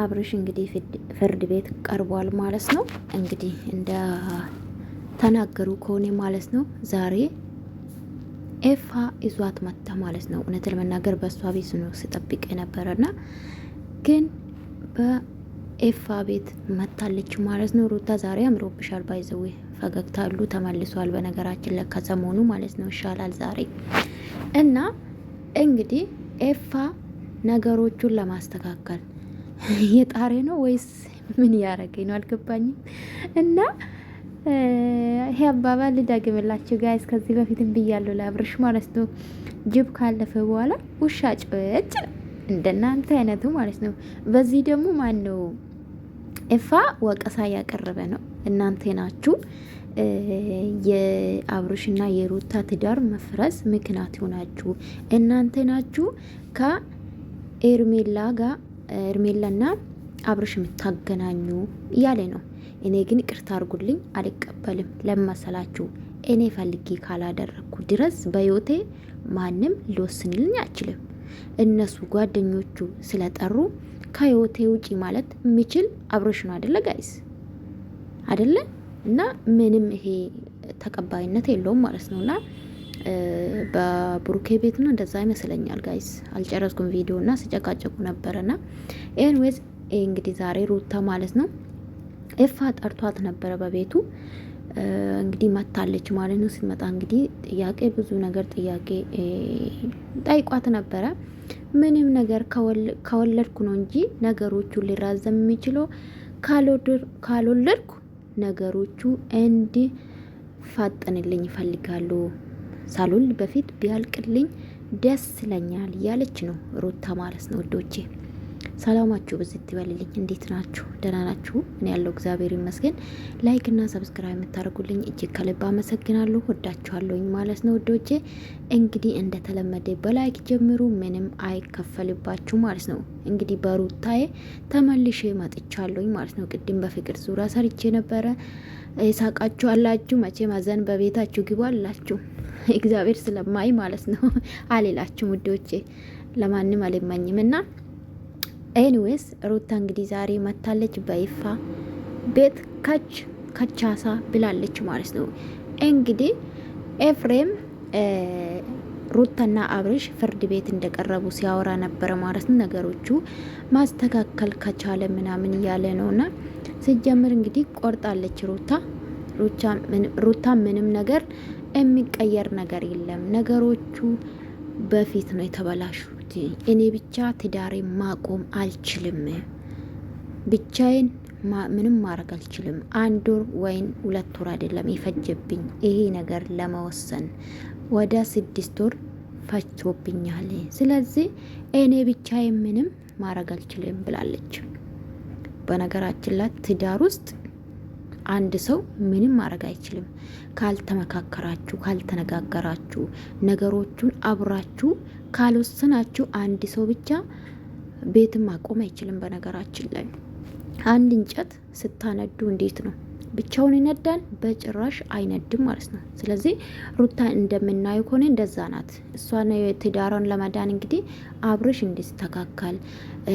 አብርሽ እንግዲህ ፍርድ ቤት ቀርቧል ማለት ነው። እንግዲህ እንደ ተናገሩ ከሆነ ማለት ነው ዛሬ ኤፋ ይዟት መታ ማለት ነው። እውነት ለመናገር በእሷ ቤት ነው ስጠብቅ የነበረና ግን በኤፋ ቤት መታለች ማለት ነው። ሩታ ዛሬ አምሮብሻል፣ ባይዘዊ ፈገግታ አሉ ተመልሷል። በነገራችን ለካ ሰሞኑ ማለት ነው ይሻላል ዛሬ እና እንግዲህ ኤፋ ነገሮቹን ለማስተካከል የጣሬ ነው ወይስ ምን እያደረገኝ ነው አልገባኝም። እና ይሄ አባባል ልዳግምላችሁ ጋይስ፣ ከዚህ በፊትም ብያለሁ ለአብርሽ ማለት ነው። ጅብ ካለፈ በኋላ ውሻ ጭጭ እንደናንተ አይነቱ ማለት ነው። በዚህ ደግሞ ማን ነው እፋ ወቀሳ ያቀረበ ነው። እናንተ ናችሁ የአብርሽና የሩታ ትዳር መፍረስ ምክንያት ይሆናችሁ። እናንተ ናችሁ ከኤርሜላ ጋር እርሜላና አብርሽ የምታገናኙ እያለ ነው። እኔ ግን ቅርታ አርጉልኝ አልቀበልም። ለመሰላችሁ እኔ ፈልጌ ካላደረግኩ ድረስ በህይወቴ ማንም ሊወስንልኝ አይችልም። እነሱ ጓደኞቹ ስለጠሩ ከህይወቴ ውጪ ማለት የሚችል አብርሽ ነው አደለ ጋይስ አደለ? እና ምንም ይሄ ተቀባይነት የለውም ማለት እና በብሩኬ ቤት ነው እንደዛ ይመስለኛል። ጋይስ አልጨረስኩም ቪዲዮ እና ስጨቃጨቁ ነበረ ና ኤንዌዝ እንግዲህ ዛሬ ሩታ ማለት ነው ኤፋ ጠርቷት ነበረ በቤቱ እንግዲህ መታለች ማለት ነው። ስትመጣ እንግዲህ ጥያቄ ብዙ ነገር ጥያቄ ጠይቋት ነበረ። ምንም ነገር ከወለድኩ ነው እንጂ ነገሮቹ ሊራዘም የሚችለው ካልወለድኩ ነገሮቹ ፋጥንልኝ ይፈልጋሉ ሳሎን በፊት ቢያልቅልኝ ደስ ይለኛል እያለች ነው ሩታ ማለት ነው ወዶቼ። ሰላማችሁ ብዝት ይበልልኝ። እንዴት ናችሁ? ደህና ናችሁ? እኔ ያለው እግዚአብሔር ይመስገን። ላይክ እና ሰብስክራይብ የምታደርጉልኝ እጅግ ከልብ አመሰግናለሁ። ወዳችኋለሁኝ ማለት ነው ወዶቼ። እንግዲህ እንደተለመደ በላይክ ጀምሩ፣ ምንም አይከፈልባችሁ ማለት ነው። እንግዲህ በሩታዬ ተመልሼ መጥቻለሁኝ ማለት ነው። ቅድም በፍቅር ዙሪያ ሰርቼ ነበረ። ሳቃችሁ አላችሁ መቼ ማዘን በቤታችሁ ግቡ አላችሁ እግዚአብሔር ስለማይ ማለት ነው። አሌላችሁ ውዶቼ፣ ለማንም አልማኝም እና ኤኒዌይስ ሩታ እንግዲህ ዛሬ መታለች በይፋ ቤት ከች ከቻሳ ብላለች ማለት ነው። እንግዲህ ኤፍሬም ሩታና አብርሽ ፍርድ ቤት እንደቀረቡ ሲያወራ ነበረ ማለት ነው። ነገሮቹ ማስተካከል ከቻለ ምናምን እያለ ነውና ሲጀምር እንግዲህ ቆርጣለች ሩታ ሩታ ምንም ነገር የሚቀየር ነገር የለም። ነገሮቹ በፊት ነው የተበላሹት። እኔ ብቻ ትዳሬ ማቆም አልችልም። ብቻዬን ምንም ማድረግ አልችልም። አንድ ወር ወይን ሁለት ወር አይደለም የፈጀብኝ ይሄ ነገር ለመወሰን ወደ ስድስት ወር ፈጅቶብኛል። ስለዚህ እኔ ብቻዬን ምንም ማድረግ አልችልም ብላለች። በነገራችን ላይ ትዳር ውስጥ አንድ ሰው ምንም ማድረግ አይችልም። ካልተመካከራችሁ፣ ካልተነጋገራችሁ፣ ነገሮቹን አብራችሁ ካልወሰናችሁ አንድ ሰው ብቻ ቤትም ማቆም አይችልም። በነገራችን ላይ አንድ እንጨት ስታነዱ እንዴት ነው ብቻውን ይነዳን በጭራሽ አይነድም ማለት ነው። ስለዚህ ሩታ እንደምናየው ከሆነ እንደዛ ናት። እሷን ትዳሯን ለመዳን እንግዲህ አብርሽ እንዲስተካከል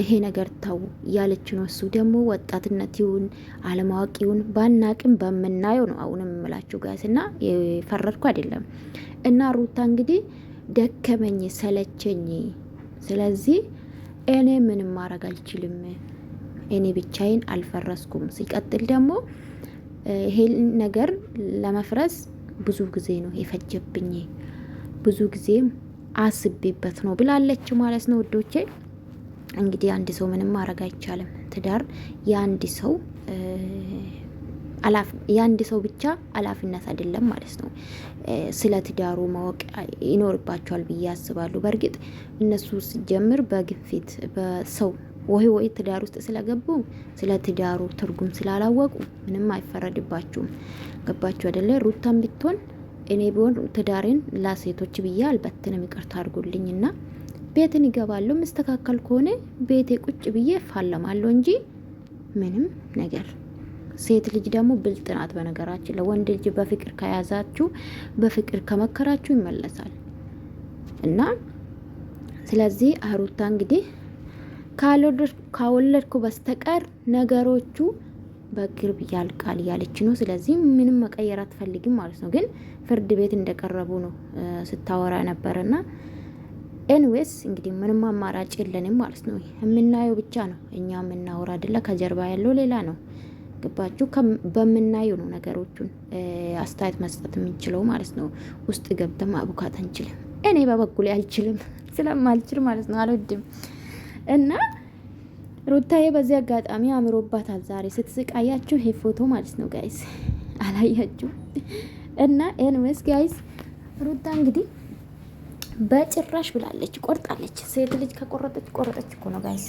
ይሄ ነገር ተው እያለች ነው። እሱ ደግሞ ወጣትነት ይሁን አለማወቅ ይሁን ባናቅም በምናየው ነው። አሁንም የምላችሁ ጋስ እና የፈረድኩ አይደለም እና ሩታ እንግዲህ ደከመኝ ሰለቸኝ፣ ስለዚህ እኔ ምንም ማድረግ አልችልም፣ እኔ ብቻዬን አልፈረስኩም። ሲቀጥል ደግሞ ይሄን ነገር ለመፍረስ ብዙ ጊዜ ነው የፈጀብኝ፣ ብዙ ጊዜም አስቤበት ነው ብላለች ማለት ነው ውዶቼ። እንግዲህ አንድ ሰው ምንም ማድረግ አይቻልም። ትዳር የአንድ ሰው የአንድ ሰው ብቻ አላፊነት አይደለም ማለት ነው። ስለ ትዳሩ ማወቅ ይኖርባቸዋል ብዬ አስባለሁ። በእርግጥ እነሱ ሲጀምር በግፊት በሰው ወይ ወይ ትዳር ውስጥ ስለገቡ ስለ ትዳሩ ትርጉም ስላላወቁ ምንም አይፈረድባችሁም። ገባችሁ አይደለ? ሩታን ብትሆን እኔ ቢሆን ትዳሬን ለሴቶች ብዬ አልበትንም፣ ይቅርታ አድርጉልኝና ቤትን ይገባለሁ። መስተካከል ከሆነ ቤቴ ቁጭ ብዬ ፋለማለሁ እንጂ ምንም ነገር። ሴት ልጅ ደግሞ ብልጥ ናት። በነገራችን ለወንድ ልጅ በፍቅር ከያዛችሁ በፍቅር ከመከራችሁ ይመለሳል እና ስለዚህ አሩታ እንግዲህ ካወለድኩ በስተቀር ነገሮቹ በቅርብ ያልቃል እያለች ነው። ስለዚህ ምንም መቀየር አትፈልግም ማለት ነው። ግን ፍርድ ቤት እንደቀረቡ ነው ስታወራ ነበረና ኤንዌስ እንግዲህ ምንም አማራጭ የለንም ማለት ነው። የምናየው ብቻ ነው እኛ የምናወራ አደለ፣ ከጀርባ ያለው ሌላ ነው። ገባችሁ? በምናየው ነው ነገሮቹን አስተያየት መስጠት የምንችለው ማለት ነው። ውስጥ ገብተን ማቡካት አንችልም። እኔ በበኩሌ አልችልም፣ ስለማልችል ማለት ነው። አልወድም እና ሩታዬ በዚህ አጋጣሚ አምሮባታል ዛሬ ስትስቃያችሁ ይሄ ፎቶ ማለት ነው ጋይስ አላያችሁ እና ኤንዌስ ጋይስ ሩታ እንግዲህ በጭራሽ ብላለች፣ ቆርጣለች። ሴት ልጅ ከቆረጠች ቆረጠች እኮ ነው ጋይስ።